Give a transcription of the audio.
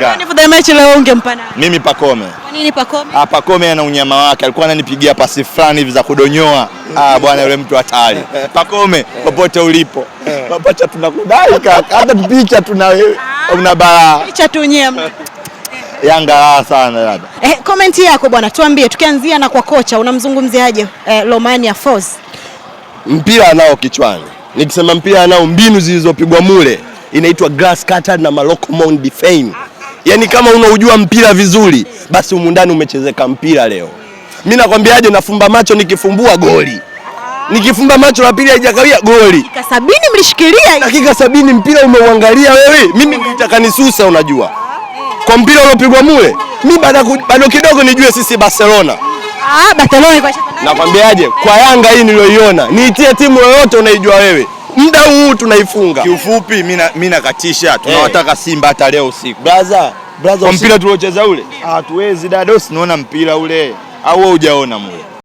Nani for the match leo ungempa nani? Mimi Pakome. Kwa nini Pakome? Ah, Pakome ana unyama wake. Alikuwa ananipigia pasi fulani hivi za kudonyoa. Ah, bwana yule mtu hatari. Pakome, popote ulipo. Mapacha tunakudai kaka. Hata picha tuna wewe. Ah, Una balaa. Picha tu nyema. Yanga sana dada. Eh, comment yako bwana, tuambie tukianzia na kwa kocha unamzungumziaje eh, Romania Force? Mpira anao kichwani. Nikisema mpira anao mbinu zilizopigwa mule inaitwa grass cutter na malocomon defame. Yaani kama unaujua mpira vizuri, basi humu ndani umechezeka mpira leo. Mimi nakwambiaje, nafumba macho nikifumbua goli. Nikifumba macho la pili haijakawia goli. Dakika sabini mlishikilia. Dakika sabini mpira umeuangalia wewe. Mimi nilitaka nisusa unajua. Kwa mpira uliopigwa mule. Mimi bado kidogo nijue sisi Barcelona. Ah, Barcelona. Nakwambiaje, kwa Yanga hii niliyoiona, niitie timu yoyote unaijua wewe muda huu tunaifunga. Kiufupi mimi nakatisha, eh. tunawataka Simba hata leo usiku. Brother, brother, kwa mpira tuliocheza ule hatuwezi dada, usiniona mpira ule au wewe hujaona mule